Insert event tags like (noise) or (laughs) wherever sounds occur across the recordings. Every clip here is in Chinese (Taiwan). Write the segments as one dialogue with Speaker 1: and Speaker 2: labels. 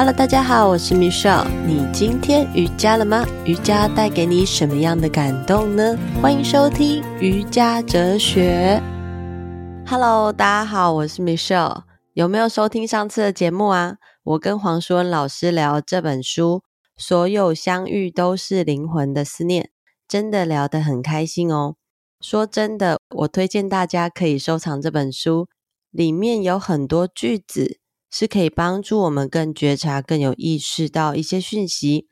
Speaker 1: Hello，大家好，我是 Michelle。你今天瑜伽了嗎？瑜伽帶給你什麼樣的感動呢？歡迎收聽瑜伽折學。Hello，大家好，我是 Michelle。有沒有收聽上次的節目啊？我跟黃淑恩老師聊這本書，《所有相遇都是靈魂的思念》，真的聊得很開心哦。說真的，我推薦大家可以收藏這本書，裡面有很多句子。是可以幫助我們更覺察、更有意識到一些訊息，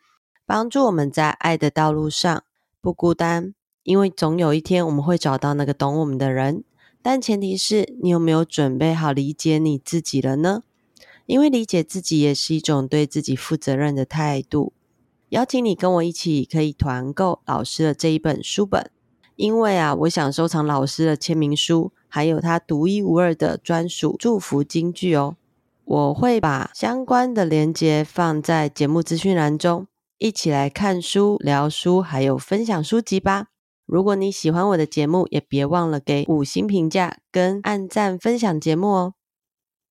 Speaker 1: 幫助我們在愛的道路上不孤單。因為總有一天我們會找到那個懂我們的人，但前提是你有沒有準備好理解你自己了呢？因為理解自己也是一種對自己負責任的態度。邀請你跟我一起可以團購老師的這一本書本，因為啊，我想收藏老師的簽名書，還有他獨一無二的專屬祝福金句哦。我會把相關的鏈接放在節目資訊欄中，一起來看書、聊書，還有分享書籍吧。如果你喜歡我的節目，也別忘了給五星評價跟按讚分享節目哦。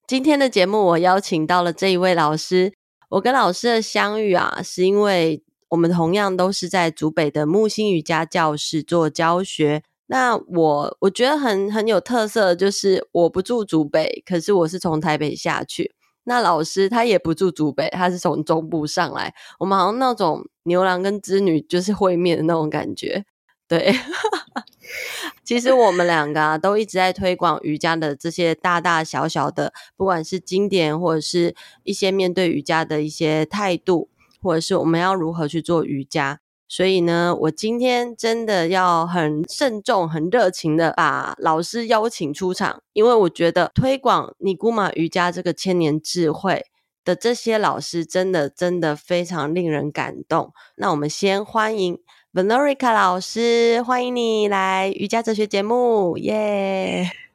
Speaker 1: 今天的節目我邀請到了這一位老師，我跟老師的相遇啊，是因為我們同樣都是在竹北的沐心瑜珈教室做教學。那我我覺得很很有特色的就是我不住竹北，可是我是從台北下去。那老師他也不住竹北，他是從中部上來。我們好像那種牛郎跟織女就是會面的那種感覺。對， (laughs) 其實我們兩個啊，都一直在推廣瑜伽的這些大大小小的，不管是經典或者是一些面對瑜伽的一些態度，或者是我們要如何去做瑜伽。所以呢，我今天真的要很慎重，很熱情的把老師邀請出場，因為我覺得推廣妮古瑪瑜伽這個千年智慧的這些老師，真的真的非常令人感動。那我們先歡迎 Veronica 老師，歡迎你來瑜伽哲學節目，耶、yeah!！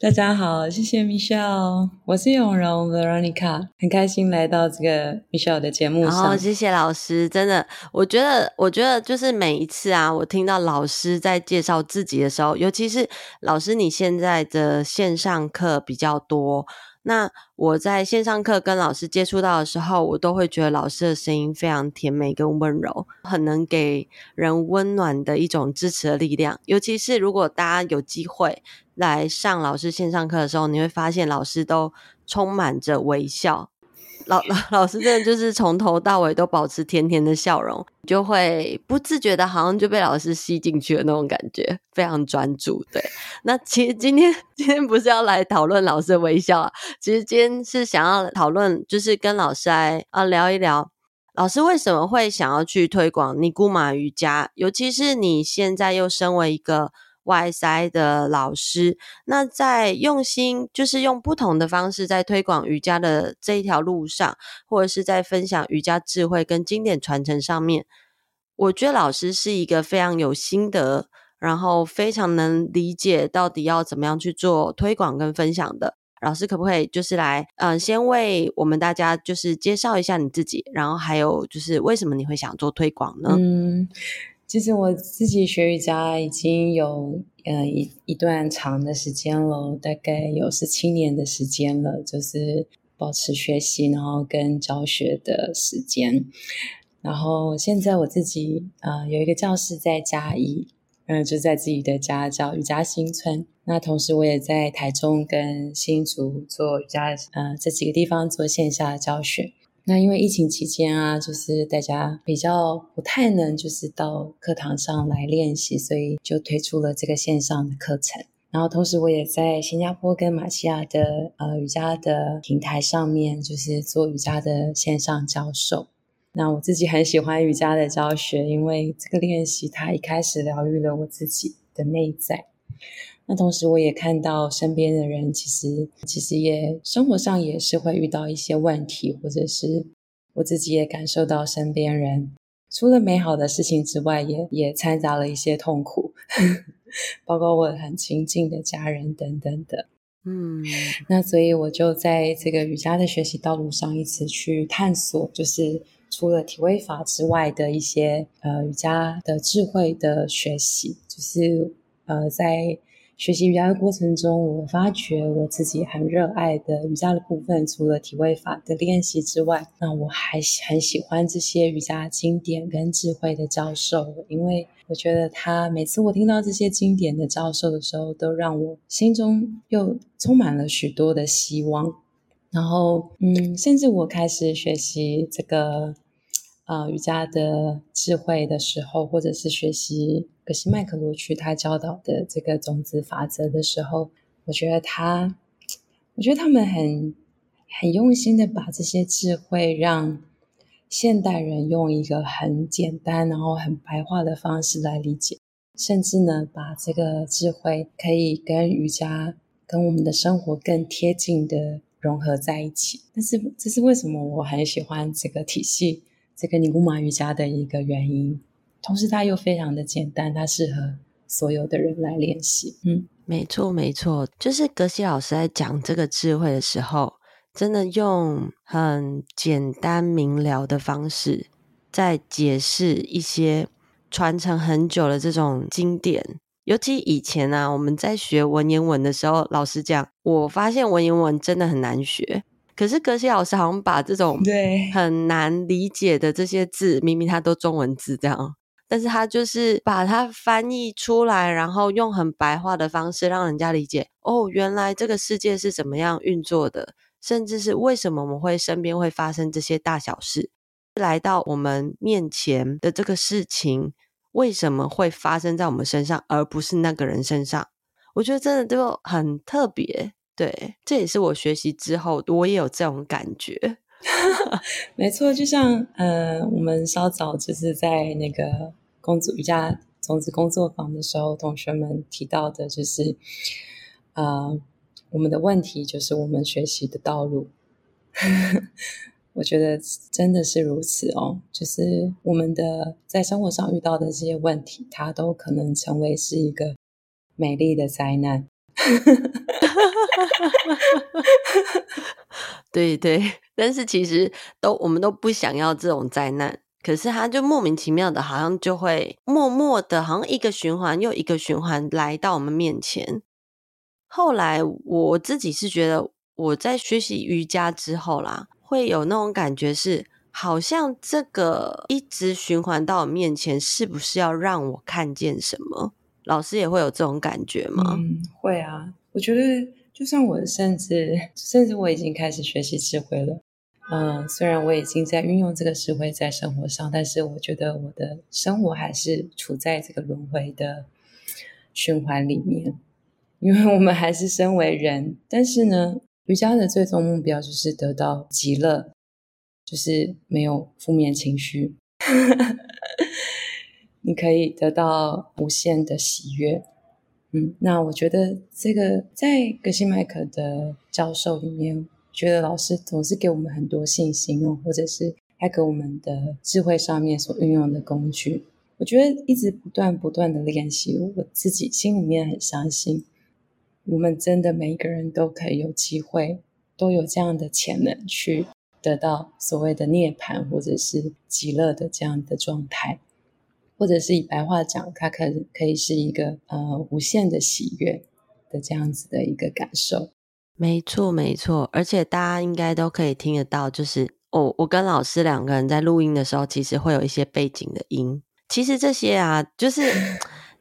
Speaker 1: 大家好，謝謝 Michelle，我是詠容 Veronica，很開心來到這個 Michelle 的節目。好、哦、謝謝老師，真的，我覺得，我覺得就是每一次啊，我聽到老師在介紹自己的時候，尤其是老師你現在的線上課比較多。那我在線上課跟老師接觸到的時候，我都會覺得老師的聲音非常甜美跟溫柔，很能給人溫暖的一種支持的力量。尤其是如果大家有機會來上老師線上課的時候，你會發現老師都充滿着微笑。老老老師真的就是從頭到尾都保持甜甜的笑容，就會不自覺的，好像就被老師吸進去的那種感覺，非常專注。對，那其實今天今天不是要來討論老師的微笑啊，其實今天是想要討論，就是跟老師來啊聊一聊，老師為什麼會想要去推廣妮姑瑪瑜伽，尤其是你現在又身為一個。YSI 的老師，那在用心，就是用不同的方式在推廣瑜伽的這一條路上，或者是在分享瑜伽智慧跟經典傳承上面，我覺得老師是一個非常有心得，然後非常能理解到底要怎麼樣去做推廣跟分享的。老師可不可以就是來，嗯、呃，先為我們大家就是介紹一下你自己，然後還有就是為什麼你會想做推廣呢？嗯。
Speaker 2: 其實我自己學瑜伽已經有嗯一一段長的時間了，大概有十七年的時間了，就是保持學習，然後跟教學的時間。然後現在我自己啊、呃、有一個教室在嘉義，嗯、呃、就是、在自己的家叫瑜伽心村。那同時我也在台中跟新竹做瑜伽，嗯、呃、這幾個地方做線下的教學。那因為疫情期間啊，就是大家比較不太能，就是到課堂上來練習，所以就推出了這個線上的課程。然後同時，我也在新加坡跟馬來西亞的呃瑜伽的平台上面，就是做瑜伽的線上教授。那我自己很喜歡瑜伽的教學，因為這個練習它一開始療癒了我自己的內在。那同時，我也看到身邊的人其，其實其實也生活上也是會遇到一些問題，或者是我自己也感受到身邊人除了美好的事情之外也，也也摻雜了一些痛苦，包括我很親近的家人等等的。嗯，那所以我就在這個瑜伽的學習道路上一直去探索，就是除了體位法之外的一些呃瑜伽的智慧的學習，就是。呃，在學習瑜伽的過程中，我發覺我自己很熱愛的瑜伽的部分，除了體位法的練習之外，那我還很喜歡這些瑜伽經典跟智慧的教授，因為我覺得他每次我聽到這些經典的教授的時候，都讓我心中又充滿了許多的希望。然後，嗯，甚至我開始學習這個。啊，瑜伽的智慧的時候，或者是學習格西麥可羅區他教導的這個種子法則的時候，我覺得他，我覺得他們很很用心的把這些智慧讓現代人用一個很簡單，然後很白話的方式來理解，甚至呢，把這個智慧可以跟瑜伽跟我們的生活更貼近的融合在一起。但是，這是為什麼我很喜歡這個體系。這個妮古瑪瑜伽的一個原因，同時它又非常的簡單，它適合所有的人來練習。嗯，
Speaker 1: 沒錯沒錯，就是格西老師在講這個智慧的時候，真的用很簡單明了的方式在解釋一些傳承很久的這種經典。尤其以前啊，我們在學文言文的時候，老實講，我發現文言文真的很難學。可是格西老師好像把這種很難理解的這些字，對明明他都中文字這樣，但是他就是把它翻譯出來，然後用很白話的方式讓人家理解。哦，原來這個世界是怎麼樣運作的，甚至是為什麼我們會身邊會發生這些大小事，來到我們面前的這個事情為什麼會發生在我們身上，而不是那個人身上？我覺得真的就很特別。對，這也是我學習之後，我也有這種感覺。 (laughs) 沒錯，就像呃，我們稍早就是
Speaker 2: 在那個公主瑜伽種子工作坊的時候，同學們提到的，就是呃我們的問題就是我們學習的道路。 (laughs) 我覺得真的是如此哦，就是我們的在生活上遇到的這些問題，它都可能成為是一個美麗的
Speaker 1: 災難。 (laughs) (laughs) (laughs) (laughs) 對，對，但是其實都我們都不想要這種災難，可是它就莫名其妙的，好像就會默默的，好像一個循環又一個循環來到我們面前。後來我自己是覺得，我在學習瑜伽之後啦，會有那種感覺是，好像這個一直循環到我面前，是不是要讓我看見什麼？老師也會有這種感覺嗎？嗯，
Speaker 2: 會啊。我覺得，就算我甚至甚至我已經開始學習智慧了，嗯，雖然我已經在運用這個智慧在生活上，但是我覺得我的生活還是處在這個輪回的循環裡面，因為我們還是身為人。但是呢，瑜伽的最終目標就是得到極樂，就是沒有負面情緒， (laughs) 你可以得到無限的喜悅。嗯，那我覺得這個在格西麥克的教授裡面，覺得老師總是給我們很多信心哦，或者是還給我們的智慧上面所運用的工具。我覺得一直不斷不斷的練習，我自己心裡面很相信，我們真的每一個人都可以有機會，都有這樣的潛能去得到所謂的涅槃或者是極樂的這樣的狀態。或者是以白話講，它可可以是一個呃無限的喜悅的這樣子的一個感受。
Speaker 1: 沒錯，沒錯。而且大家應該都可以聽得到，就是我、哦、我跟老師兩個人在錄音的時候，其實會有一些背景的音。其實這些啊，就是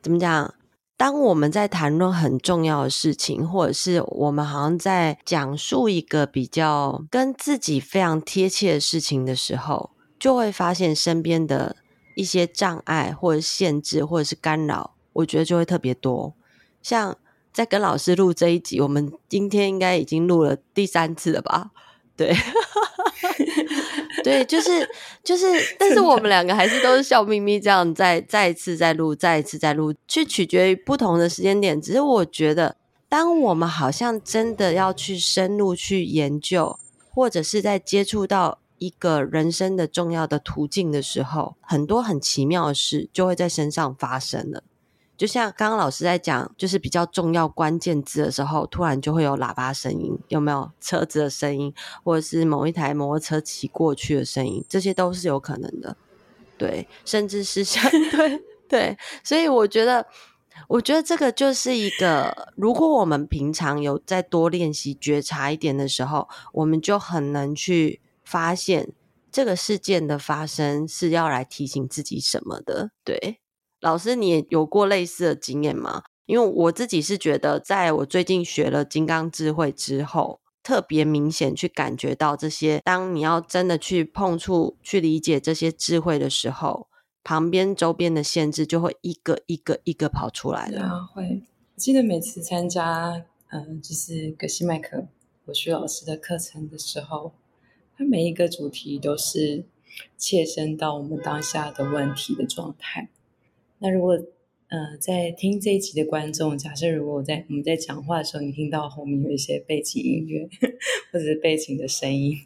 Speaker 1: 怎麼講？ (laughs) 當我們在談論很重要的事情，或者是我們好像在講述一個比較跟自己非常貼切的事情的時候，就會發現身邊的。一些障礙或者限制或者是干擾，我覺得就會特別多。像在跟老師錄這一集，我們今天應該已經錄了第三次了吧？對，對，就是就是，但是我們兩個還是都是笑眯眯這樣，再再一次再錄，再一次再錄，去取決於不同的時間點。只是我覺得，當我們好像真的要去深入去研究，或者是在接觸到。一個人生的重要的途徑的時候，很多很奇妙的事就會在身上發生了。就像剛剛老師在講，就是比較重要關鍵字的時候，突然就會有喇叭聲音，有沒有？車子的聲音，或者是某一台摩托車騎過去的聲音，這些都是有可能的。對，甚至是相 (laughs) 對對，所以我覺得，我覺得這個就是一個，如果我們平常有再多練習覺察一點的時候，我們就很能去。發現這個事件的發生是要來提醒自己什麼的，對，老師，你有過類似的經驗嗎？因為我自己是覺得，在我最近學了金剛智慧之後，特別明顯去感覺到這些。當你要真的去碰觸、去理解這些智慧的時候，旁邊周邊的限制就會一個一個一個跑出來了。對啊，會。我記得每
Speaker 2: 次參加，嗯、呃，就是格西麥可・羅區老師的課程的時候。它每一個主題都是切身到我們當下的問題的狀態。那如果，呃，在聽這一集的觀眾，假設如果我、在我們在講話的時候，你聽到後面有一些背景音樂或者是背景的聲音，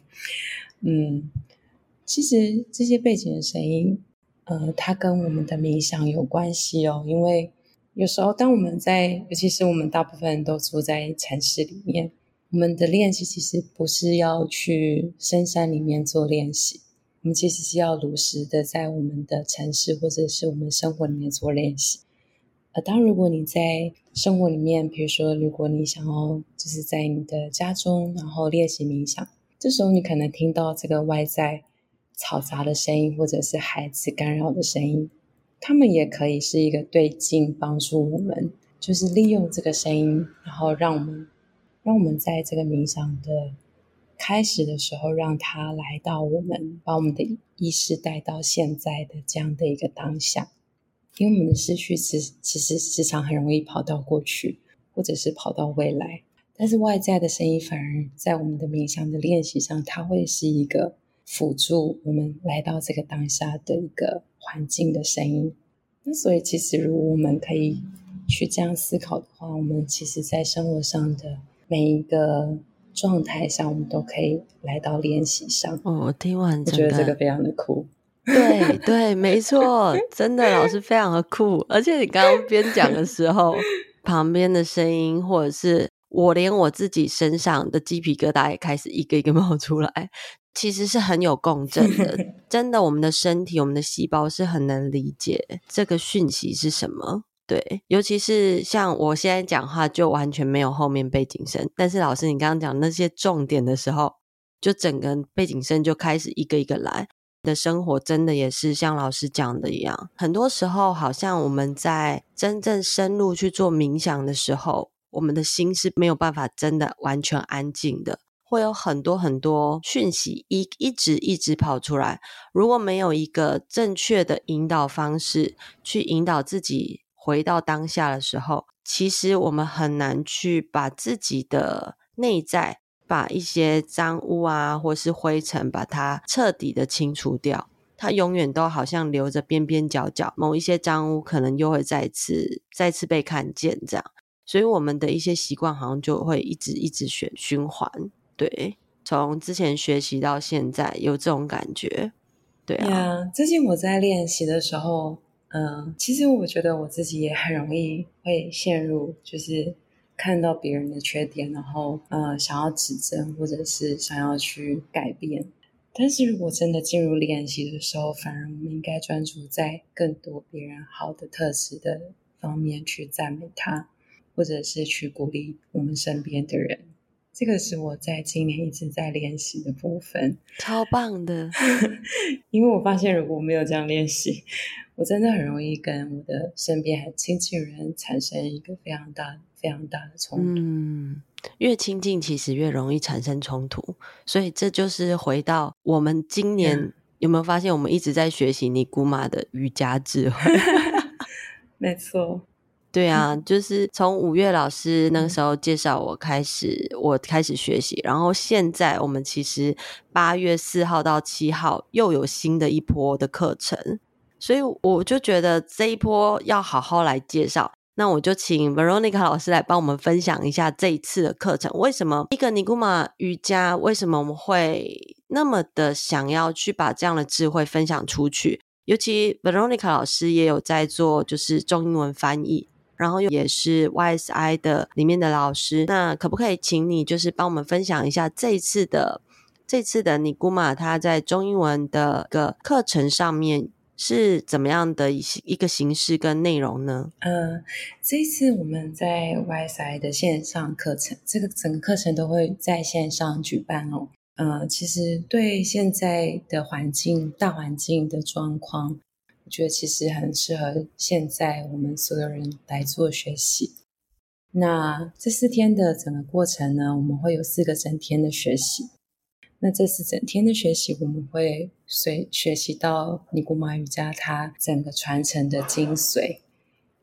Speaker 2: 嗯，其實這些背景的聲音，呃，它跟我們的冥想有關係哦，因為有時候當我們在，尤其是我們大部分都住在城市裡面。我們的練習其實不是要去深山裡面做練習，我們其實是要如實的在我們的城市或者是我們生活裡面做練習。呃，當如果你在生活裡面，比如說，如果你想要就是在你的家中，然後練習冥想，這時候你可能聽到這個外在嘈雜的聲音，或者是孩子干擾的聲音，他們也可以是一個對境幫助我們，就是利用這個聲音，然後讓我們。讓我們在這個冥想的開始的時候，讓它來到我們，把我們的意識帶到現在的這樣的一個當下。因為我們的思緒其實其實時常很容易跑到過去，或者是跑到未來。但是外在的聲音反而在我們的冥想的練習上，它會是一個輔助我們來到這個當下的一個環境的聲音。那所以其實如果我們可以去這樣思考的話，我們其實，在生活上的。每一個狀態下，我們都可以來到練習上。哦，我聽完，我覺得這個非常的酷。
Speaker 1: (laughs) 對對，沒錯，真的，老師非常的酷。而且你剛剛邊講的時候， (laughs) 旁邊的聲音，或者是我，連我自己身上的雞皮疙瘩也開始一個一個冒出來。其實是很有共振的，真的，我們的身體，我們的細胞是很能理解這個訊息是什麼。對，尤其是像我現在講話，就完全沒有後面背景聲。但是老師，你剛剛講那些重點的時候，就整個背景聲就開始一個一個來。你的生活真的也是像老師講的一樣，很多時候好像我們在真正深入去做冥想的時候，我們的心是沒有辦法真的完全安靜的，會有很多很多訊息一一直一直跑出來。如果沒有一個正確的引導方式去引導自己。回到當下的時候，其實我們很難去把自己的內在，把一些髒污啊，或是灰塵，把它徹底的清除掉。它永遠都好像留着邊邊角角，某一些髒污可能又會再次、再次被看見這樣。所以我們的一些習慣好像就會一直、一直循循環。對，從之前學習到現在，有這種感覺。對
Speaker 2: 啊，Yeah, 最近我在練習的時候。嗯，其實我覺得我自己也很容易會陷入，就是看到別人的缺點，然後嗯，想要指正或者是想要去改變。但是如果真的進入練習的時候，反而我們應該專注在更多別人好的特質的方面去讚美他，或者是去鼓勵我們身邊的人。這個是我在今年一直在練習的部分，超棒的。 (laughs) 因為我發現，如果沒有這樣練習。我真的很容易跟我的身邊還親近人產生一個非常大、非常大的衝
Speaker 1: 突。嗯，越親近其實越容易產生衝突，所以這就是回到我們今年、嗯、有沒有發現，我們一直在學習妮古瑪的瑜伽智慧。
Speaker 2: (laughs) (laughs) 沒錯，
Speaker 1: 對啊，就是從五月老師那個時候介紹我開始，嗯、我開始學習，然後現在我們其實八月四號到七號又有新的一波的課程。所以我就覺得這一波要好好來介紹，那我就請 Veronica 老師來幫我們分享一下這一次的課程。為什麼一個妮古瑪瑜伽，為什麼我們會那麼的想要去把這樣的智慧分享出去？尤其 Veronica 老師也有在做就是中英文翻譯，然後也是 YSI 的裡面的老師。那可不可以請你就是幫我們分享一下這一次的這一次的妮古瑪，她在中英文的個課程上面，是怎麼樣的一個形式跟內容呢？嗯、
Speaker 2: 呃，這一次我們在 YSI 的線上課程，這個整個課程都會在線上舉辦哦。嗯、呃，其實對現在的環境、大環境的狀況，我覺得其實很適合現在我們所有人來做學習。那這四天的整個過程呢，我們會有四個整天的學習。那這次整天的學習，我們會隨學習到妮古瑪瑜伽它整個傳承的精髓，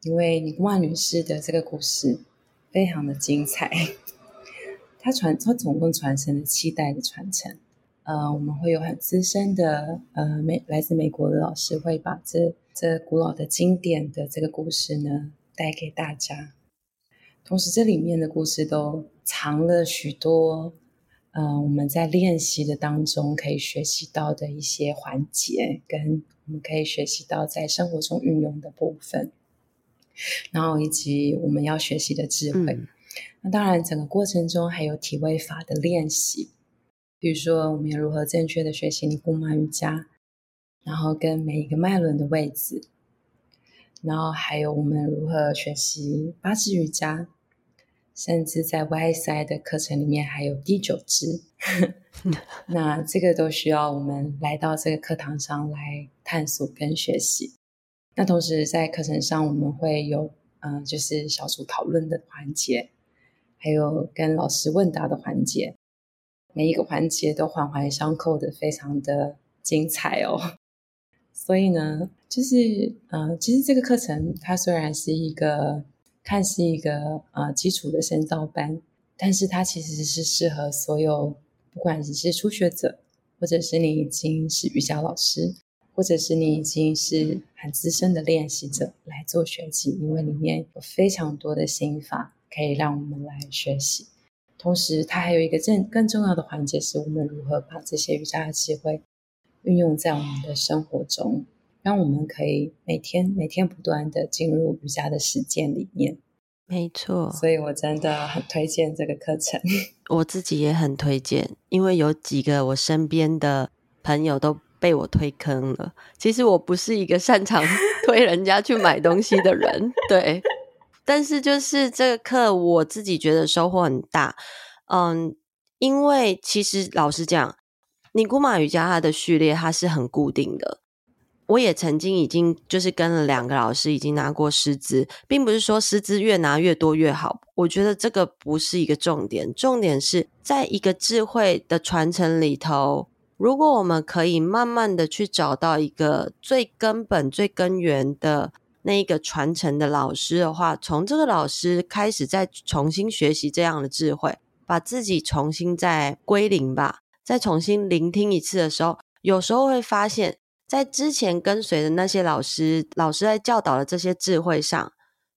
Speaker 2: 因為妮古瑪女士的這個故事非常的精彩，她傳她總共傳承了七代的傳承，呃，我們會有很資深的呃美來自美國的老師會把這這古老的經典的這個故事呢帶給大家，同時，這裡面的故事都藏了許多。嗯、呃，我們在練習的當中可以學習到的一些環節，跟我們可以學習到在生活中運用的部分，然後以及我們要學習的智慧。嗯、那當然，整個過程中還有體位法的練習，比如說我們要如何正確的學習妮古瑪瑜伽，然後跟每一個脈輪的位置，然後還有我們如何學習八支瑜伽。甚至在 YSI 的課程裡面還有第九支， (laughs) 那這個都需要我們來到這個課堂上來探索跟學習。那同時在課程上，我們會有嗯、呃，就是小組討論的環節，還有跟老師問答的環節，每一個環節都環環相扣的，非常的精彩哦。所以呢，就是嗯、呃，其實這個課程它雖然是一個。它是一個呃基礎的深造班，但是它其實是適合所有，不管你是初學者，或者是你已經是瑜伽老師，或者是你已經是很資深的練習者來做學習，因為裡面有非常多的心法可以讓我們來學習。同時，它還有一個更更重要的環節，是我們如何把這些瑜伽的機會運用在我們的生活中。讓我們可以每天每天不斷的進入瑜伽的時間裡面，沒錯。所以，我真的很推薦這個課程，
Speaker 1: 我自己也很推薦，因為有幾個我身邊的朋友都被我推坑了。其實，我不是一個擅長推人家去買東西的人， (laughs) 對。但是，就是這個課，我自己覺得收穫很大。嗯，因為其實老實講，妮古瑪瑜伽它的序列它是很固定的。我也曾經已經就是跟了兩個老師，已經拿過師資，並不是說師資越拿越多越好。我覺得這個不是一個重點，重點是在一個智慧的傳承裡頭。如果我們可以慢慢的去找到一個最根本、最根源的那一個傳承的老師的話，從這個老師開始再重新學習這樣的智慧，把自己重新再歸零吧，再重新聆聽一次的時候，有時候會發現。在之前跟隨的那些老師，老師在教導的這些智慧上，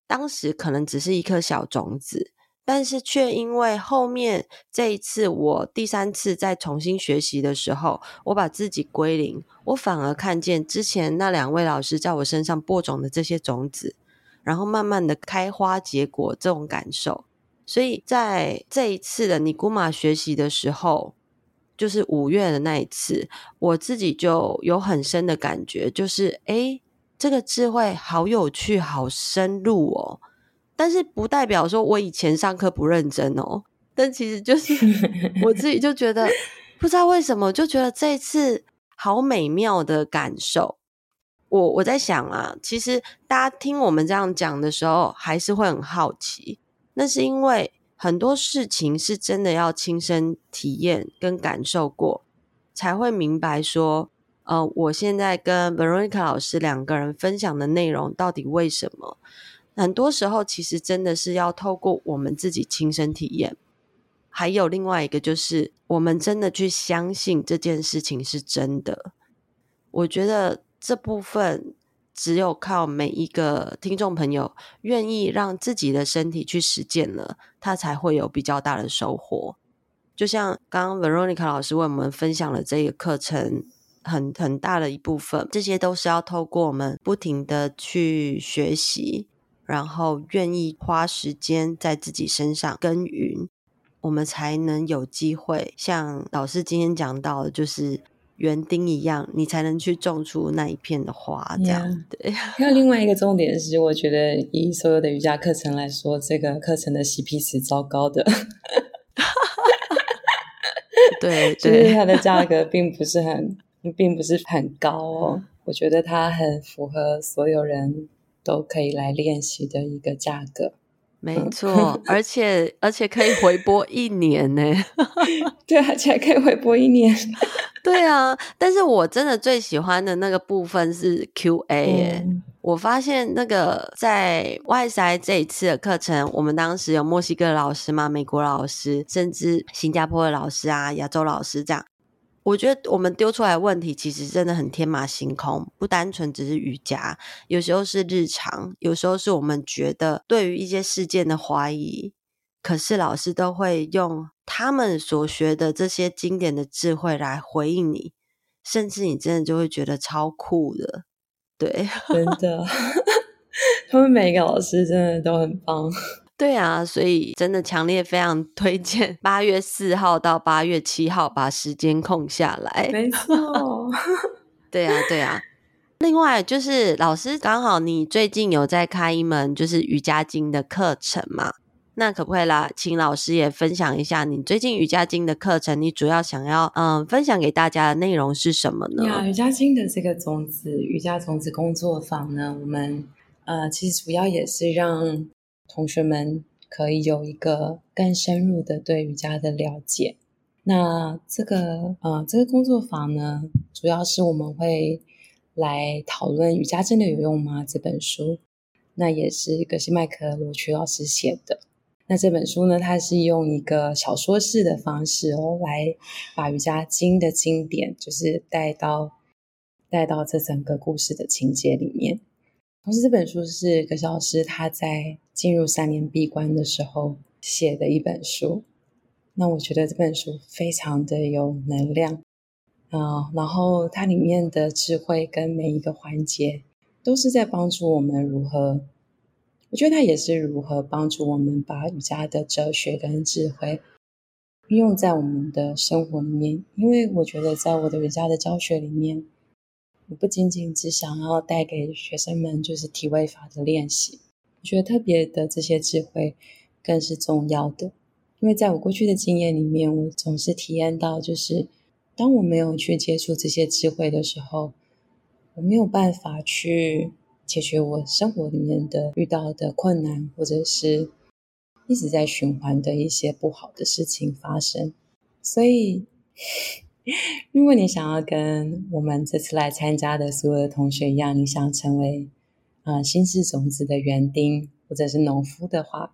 Speaker 1: 當時可能只是一顆小種子，但是卻因為後面這一次我第三次再重新學習的時候，我把自己歸零，我反而看見之前那兩位老師在我身上播種的這些種子，然後慢慢的開花結果這種感受，所以在這一次的妮古瑪學習的時候。就是五月的那一次，我自己就有很深的感覺，就是誒，這個智慧好有趣、好深入哦。但是不代表說我以前上課不認真哦。但其實就是我自己就覺得， (laughs) 不知道為什麼，就覺得這次好美妙的感受。我我在想啊，其實大家聽我們這樣講的時候，還是會很好奇，那是因為。很多事情是真的要親身體驗跟感受過，才會明白說，呃，我現在跟文瑞 a 老師兩個人分享的內容到底為什麼？很多時候其實真的是要透過我們自己親身體驗，還有另外一個就是我們真的去相信這件事情是真的。我覺得這部分。只有靠每一個聽眾朋友願意讓自己的身體去實踐了，他才會有比較大的收穫。就像剛剛 Veronica 老師為我們分享了這個課程，很很大的一部分，這些都是要透過我們不停的去學習，然後願意花時間在自己身上耕耘，我們才能有機會像老師今天講到的就是。園丁一樣，你才能去種出那一片的花，這樣的。那 Yeah. 對另外一個重點是，我覺得以所有的瑜伽課程來說，這個課程的 C P
Speaker 2: 值糟糕的。 (laughs) (laughs) (laughs) 對，所對以它的價格並不是很，並不是很高哦。 (laughs) 我覺得它很符合所有人都可以來練習的一個價格。沒錯， (laughs) 而
Speaker 1: 且而且可以回播一年呢。 (laughs) 對，而且還可以回播一年。 (laughs) 對啊，但是我真的最喜歡的那個部分是 Q&A。嗯、我發現那個在 YSI 這一次的課程，我們當時有墨西哥的老師嘛，美國老師，甚至新加坡的老師啊，亞洲老師這樣。我覺得我們丟出來問題其實真的很天馬行空，不單純只是瑜伽，有時候是日常，有時候是我們覺得對於一些事件的懷疑。可是老師都會用他們所學的這些經典的智慧來回應你，甚至你真的就會覺得超酷的，對，真的，
Speaker 2: 他 (laughs) 們每個老師真的都很棒。
Speaker 1: 對啊，所以真的強烈非常推薦八月四號到八月七號把時間空下來，沒錯， (laughs) 對啊，對啊。 (laughs) 另外就是老師剛好你最近有在開一門就是瑜伽經的課程嘛？那可不可以啦，請老師也分享一下你最近瑜伽經的課程，你主要想要嗯分享給大家的內容是什麼呢？Yeah,
Speaker 2: 瑜伽經的這個種子瑜伽種子工作坊呢，我們呃其實主要也是讓。同學們可以有一個更深入的對瑜伽的了解。那，這個，呃，這個工作坊呢，主要是我們會來討論《瑜伽真的有用嗎》這本書。那也是格西麥可羅區老師寫的。那這本書呢，它是用一個小說式的方式哦，來把瑜伽經的經典，就是帶到帶到這整個故事的情節裡面。同時，這本書是格西老師他在進入三年閉關的時候寫的一本書。那我覺得這本書非常的有能量啊，然後它裡面的智慧跟每一個環節都是在幫助我們如何。我覺得它也是如何幫助我們把瑜伽的哲學跟智慧運用在我們的生活裡面，因為我覺得在我的瑜伽的教學裡面。我不僅僅只想要帶給學生們就是體位法的練習，我覺得特別的這些智慧更是重要的。因為在我過去的經驗裡面，我總是體驗到，就是當我沒有去接觸這些智慧的時候，我沒有辦法去解決我生活裡面的遇到的困難，或者是一直在循環的一些不好的事情發生，所以。如果你想要跟我們這次來參加的所有的同學一樣，你想成為啊心智種子的園丁或者是農夫的話，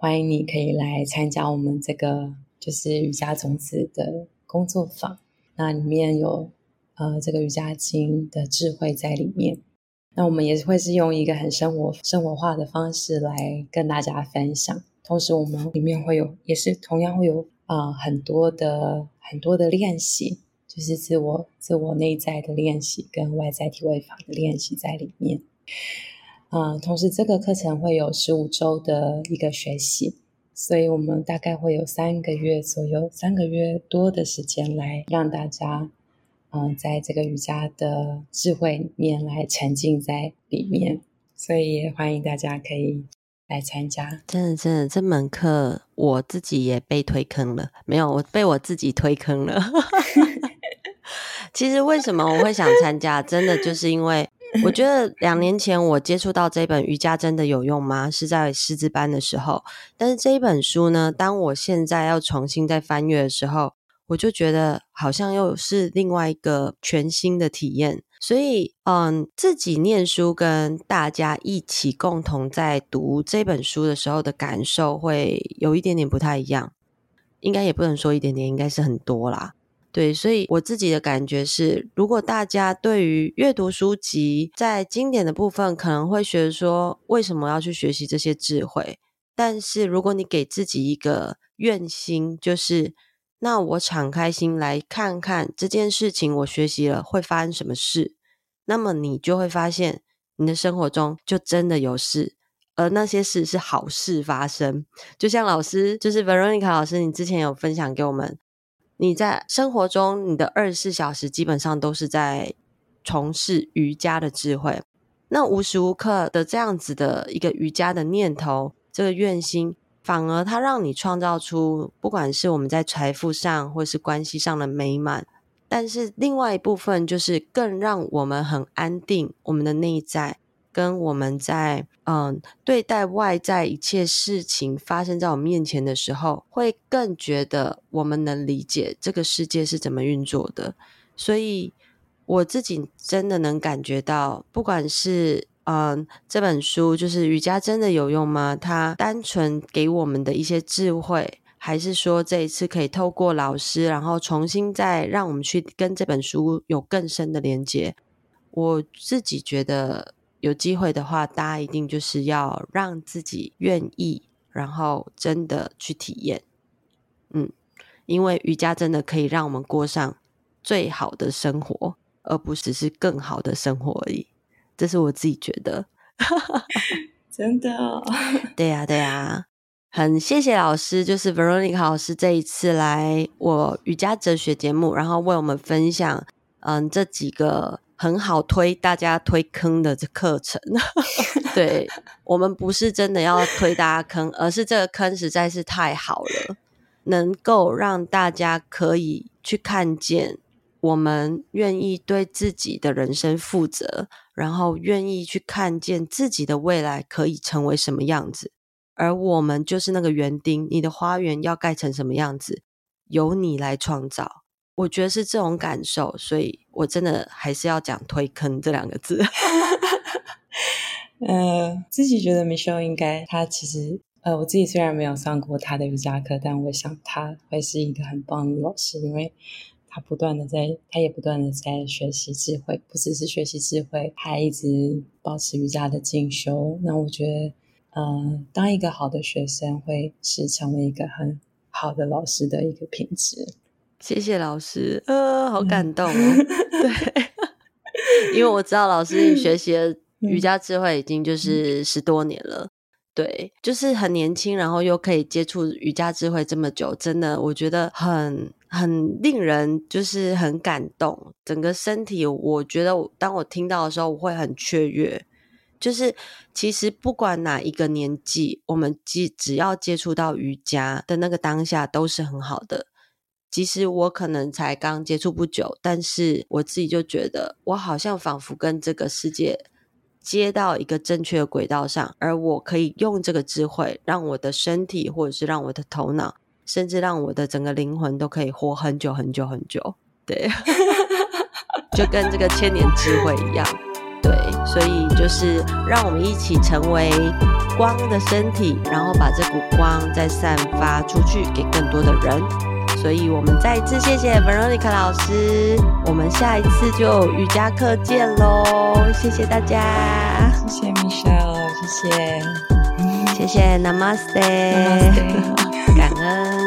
Speaker 2: 歡迎你可以來參加我們這個就是瑜伽種子的工作坊。那裡面有呃這個瑜伽經的智慧在裡面，那我們也是會是用一個很生活生活化的方式來跟大家分享。同時，我們裡面會有也是同樣會有啊、呃、很多的。很多的練習，就是自我、自我內在的練習，跟外在體位法的練習在裡面。啊、嗯，同時這個課程會有十五週的一個學習，所以我們大概會有三個月左右，三個月多的時間來讓大家，嗯，在這個瑜伽的智慧面來沉浸在裡面，所以也歡迎大家可以。來參加，
Speaker 1: 真的真的，這門課我自己也被推坑了，沒有，我被我自己推坑了。 (laughs) (laughs) 其實為什麼我會想參加， (laughs) 真的就是因為我覺得兩年前我接觸到這本瑜伽真的有用嗎？是在師資班的時候，但是這一本書呢，當我現在要重新再翻閱的時候，我就覺得好像又是另外一個全新的體驗，所以嗯，自己念書跟大家一起共同在讀這本書的時候的感受會有一點點不太一樣，應該也不能說一點點，應該是很多啦。對，所以我自己的感覺是，如果大家對於閱讀書籍在經典的部分，可能會學說為什麼要去學習這些智慧，但是如果你給自己一個願心，就是。那我敞開心來看看這件事情，我學習了會發生什麼事？那麼你就會發現，你的生活中就真的有事，而那些事是好事發生。就像老師，就是 Veronica 老師，你之前有分享給我們，你在生活中你的二十四小時基本上都是在從事瑜伽的智慧。那無時無刻的這樣子的一個瑜伽的念頭，這個願心。反而，它讓你創造出，不管是我們在財富上，或是關係上的美滿，但是另外一部分就是更讓我們很安定。我們的內在跟我們在嗯對待外在一切事情發生在我面前的時候，會更覺得我們能理解這個世界是怎麼運作的。所以，我自己真的能感覺到，不管是。嗯，這本書就是瑜伽真的有用嗎？它單純給我們的一些智慧，還是說這一次可以透過老師，然後重新再讓我們去跟這本書有更深的連接？我自己覺得有機會的話，大家一定就是要讓自己願意，然後真的去體驗。嗯，因為瑜伽真的可以讓我們過上最好的生活，而不只是更好的生活而已。這是我自己覺得，
Speaker 2: (laughs) 真的、哦，
Speaker 1: 對呀、啊，對呀、啊，很謝謝老師，就是 Veronica 老師這一次來我瑜伽折學節目，然後為我們分享，嗯，這幾個很好推大家推坑的課程。 (laughs) 對，我們不是真的要推大家坑，而是這個坑實在是太好了，能夠讓大家可以去看見，我們願意對自己的人生負責，然後願意去看見自己的未來可以成為什麼樣子。而我們就是那個園丁，你的花園要蓋成什麼樣子，由你來創造。我覺得是這種感受，所以我真的還是要講“推坑”這兩個字。
Speaker 2: (laughs) 呃，自己覺得 Michelle 應該她其實呃，我自己雖然沒有上過她的瑜伽課，但我想她會是一個很棒的老師，因為。他不斷的在，他也不斷的在學習智慧，不只是學習智慧，還一直保持瑜伽的進修。那我覺得，嗯，呃，當一個好的學生，會是成為一個很好的老師的一個品質。
Speaker 1: 謝謝老師，呃，好感動啊。 (laughs) 對， (laughs) 因為我知道老師學習瑜伽智慧已經就是十多年了，對，就是很年輕，然後又可以接觸瑜伽智慧這麼久，真的我覺得很。很令人就是很感動，整個身體，我覺得當我聽到的時候，我會很雀躍。就是其實不管哪一個年紀，我們接只要接觸到瑜伽的那個當下，都是很好的。其實我可能才剛接觸不久，但是我自己就覺得，我好像仿佛跟這個世界接到一個正確的軌道上，而我可以用這個智慧，讓我的身體，或者是讓我的頭腦。甚至讓我的整個靈魂都可以活很久很久很久，對， (laughs) 就跟這個千年智慧一樣，對，所以就是讓我們一起成為光的身體，然後把這股光再散發出去給更多的人。所以我們再一次謝謝 Veronica 老師，我們下一次就瑜伽課見嘍！謝謝大家，謝謝 Michelle，謝謝， (laughs) 謝謝，Namaste，Namaste (laughs) 感恩。